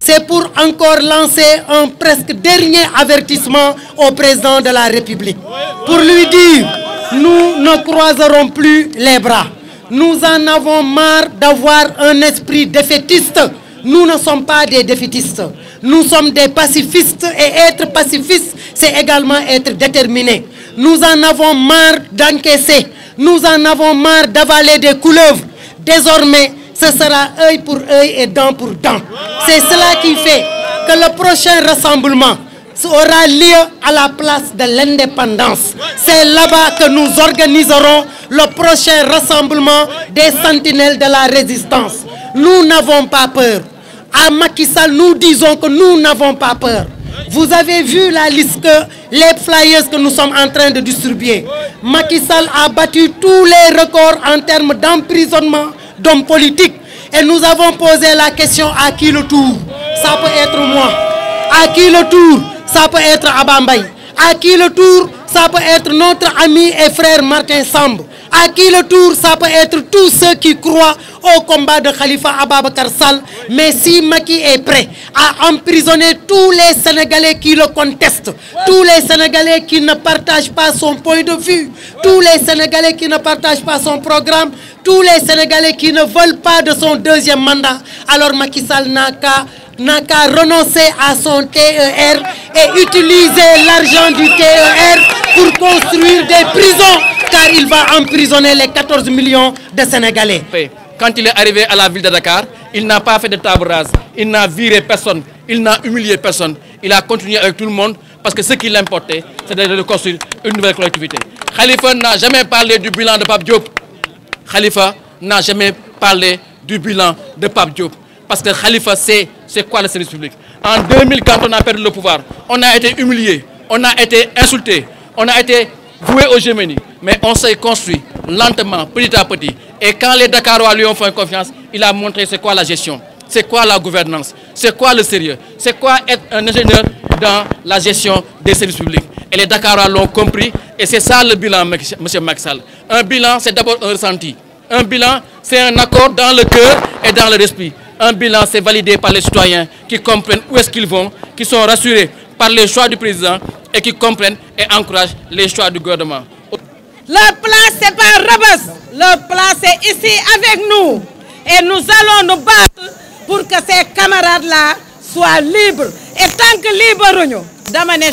C'est pour encore lancer un presque dernier avertissement au président de la République. Pour lui dire, nous ne croiserons plus les bras. Nous en avons marre d'avoir un esprit défaitiste. Nous ne sommes pas des défaitistes. Nous sommes des pacifistes et être pacifiste, c'est également être déterminé. Nous en avons marre d'encaisser nous en avons marre d'avaler des couleuvres. Désormais, ce sera œil pour œil et dent pour dent. C'est cela qui fait que le prochain rassemblement aura lieu à la place de l'indépendance. C'est là-bas que nous organiserons le prochain rassemblement des sentinelles de la résistance. Nous n'avons pas peur. À Macky Sall, nous disons que nous n'avons pas peur. Vous avez vu la liste que les flyers que nous sommes en train de distribuer. Macky a battu tous les records en termes d'emprisonnement d'hommes politiques. Et nous avons posé la question à qui le tour Ça peut être moi. À qui le tour Ça peut être Abambay. À qui le tour Ça peut être notre ami et frère Martin Samb. À qui le tour Ça peut être tous ceux qui croient au combat de Khalifa Ababakar Karsal. Mais si Maki est prêt à emprisonner tous les Sénégalais qui le contestent, tous les Sénégalais qui ne partagent pas son point de vue, tous les Sénégalais qui ne partagent pas son programme, tous les Sénégalais qui ne veulent pas de son deuxième mandat, alors Macky Sall n'a n'a qu'à renoncer à son TER et utiliser l'argent du TER pour construire des prisons, car il va emprisonner les 14 millions de Sénégalais. Quand il est arrivé à la ville de Dakar, il n'a pas fait de table il n'a viré personne, il n'a humilié personne. Il a continué avec tout le monde parce que ce qui importait, c'était de construire une nouvelle collectivité. Khalifa n'a jamais parlé du bilan de Pape Diop. Khalifa n'a jamais parlé du bilan de Pape Diop. Parce que Khalifa sait c'est quoi le service public. En 2000, on a perdu le pouvoir, on a été humilié, on a été insulté, on a été voué au Gémenie. Mais on s'est construit lentement, petit à petit. Et quand les Dakarois lui ont fait confiance, il a montré c'est quoi la gestion, c'est quoi la gouvernance, c'est quoi le sérieux, c'est quoi être un ingénieur dans la gestion des services publics. Et les Dakarois l'ont compris et c'est ça le bilan, M. Maxal. Un bilan, c'est d'abord un ressenti. Un bilan, c'est un accord dans le cœur et dans le Un bilan, c'est validé par les citoyens qui comprennent où est-ce qu'ils vont, qui sont rassurés par les choix du président et qui comprennent et encouragent les choix du gouvernement. Leur place, n'est pas Rebus. Leur place, c'est ici avec nous. Et nous allons nous battre pour que ces camarades-là soient libres. Et tant que libres, nous,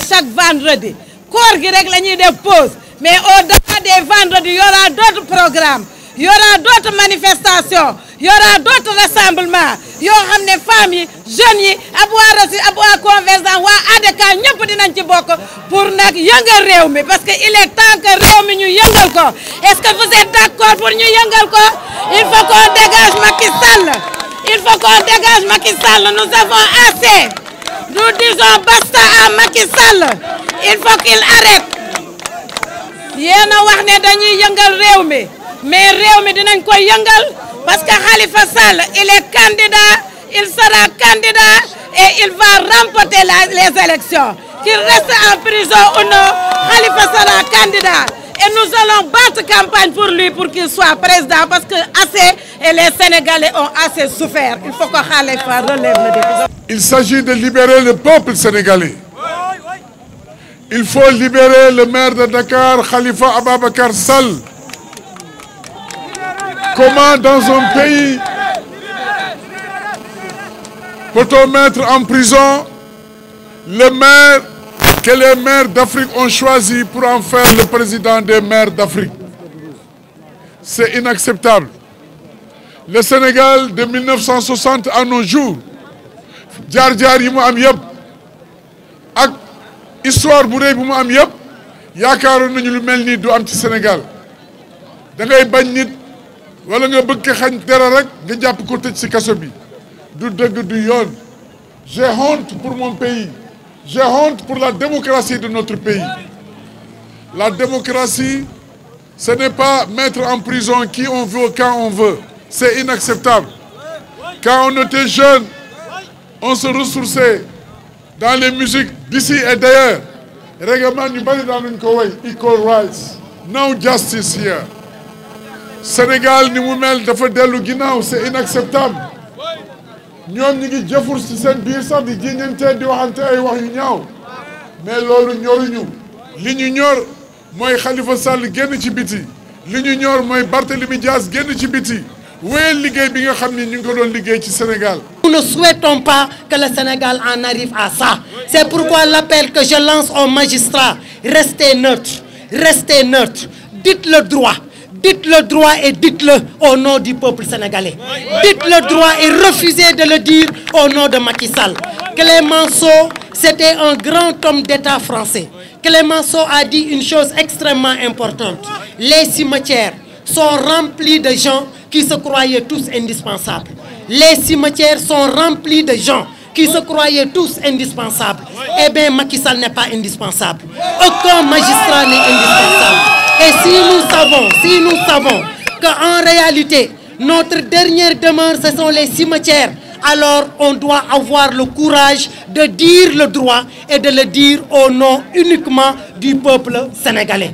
chaque vendredi, corps des pause. Mais au-delà des vendredis, il y aura d'autres programmes, il y aura d'autres manifestations. Il y aura d'autres rassemblements Il y aura des familles... jeunes yi ab waa Rasi ab waa Convergence waa ADK ñëpp dinañ ci pour nous yëngal parce qu'il est temps que nous nous ñu est-ce que vous êtes d'accord pour nous yëngal il faut qu'on dégage Macky Sall il faut qu'on dégage Macky Sall nous avons assez nous disons basta à Macky Sall il faut qu'il arrête y a wax gens qui vont réew mais réew nous, dinañ pas parce que Khalifa Sall, il est candidat, il sera candidat et il va remporter les élections. Qu'il reste en prison ou non, Khalifa sera candidat. Et nous allons battre campagne pour lui, pour qu'il soit président, parce que assez, et les Sénégalais ont assez souffert. Il faut que Khalifa relève le défi. Il s'agit de libérer le peuple sénégalais. Il faut libérer le maire de Dakar, Khalifa Ababakar Sall. Comment dans un pays peut-on mettre en prison les maires que les maires d'Afrique ont choisi pour en faire le président des maires d'Afrique C'est inacceptable. Le Sénégal de 1960 à nos jours, Jar jaar yi histoire de Sénégal wala j'ai honte pour mon pays j'ai honte pour la démocratie de notre pays la démocratie ce n'est pas mettre en prison qui on veut quand on veut c'est inacceptable quand on était jeune on se ressourçait dans les musiques d'ici et d'ailleurs règlement moi bari equal rights no justice here Sénégal ni nous mel dafa dellu ginnaaw c'est inacceptable ñoom ñi ngi jëfur ci seen biir sax di jiñante di waxante ay wax yu ñaaw mais loolu ñoruñu li ñu ñor mooy Khalifa Sall génn ci biti li ñu ñor mooy Barthélemy Dias ci biti wéyal liggéey bi nga ni ñu ko doon Sénégal nous ne souhaitons pas que le Sénégal en arrive à ça c'est pourquoi l'appel que je lance aux magistrats restez neutres restez neutres dites le droit Dites le droit et dites-le au nom du peuple sénégalais. Dites le droit et refusez de le dire au nom de Macky Sall. Clémenceau, c'était un grand homme d'État français. Clémenceau a dit une chose extrêmement importante. Les cimetières sont remplis de gens qui se croyaient tous indispensables. Les cimetières sont remplis de gens qui se croyaient tous indispensables. Eh bien, Macky Sall n'est pas indispensable. Aucun magistrat n'est indispensable. Et si nous si nous savons qu'en réalité, notre dernière demeure, ce sont les cimetières, alors on doit avoir le courage de dire le droit et de le dire au nom uniquement du peuple sénégalais.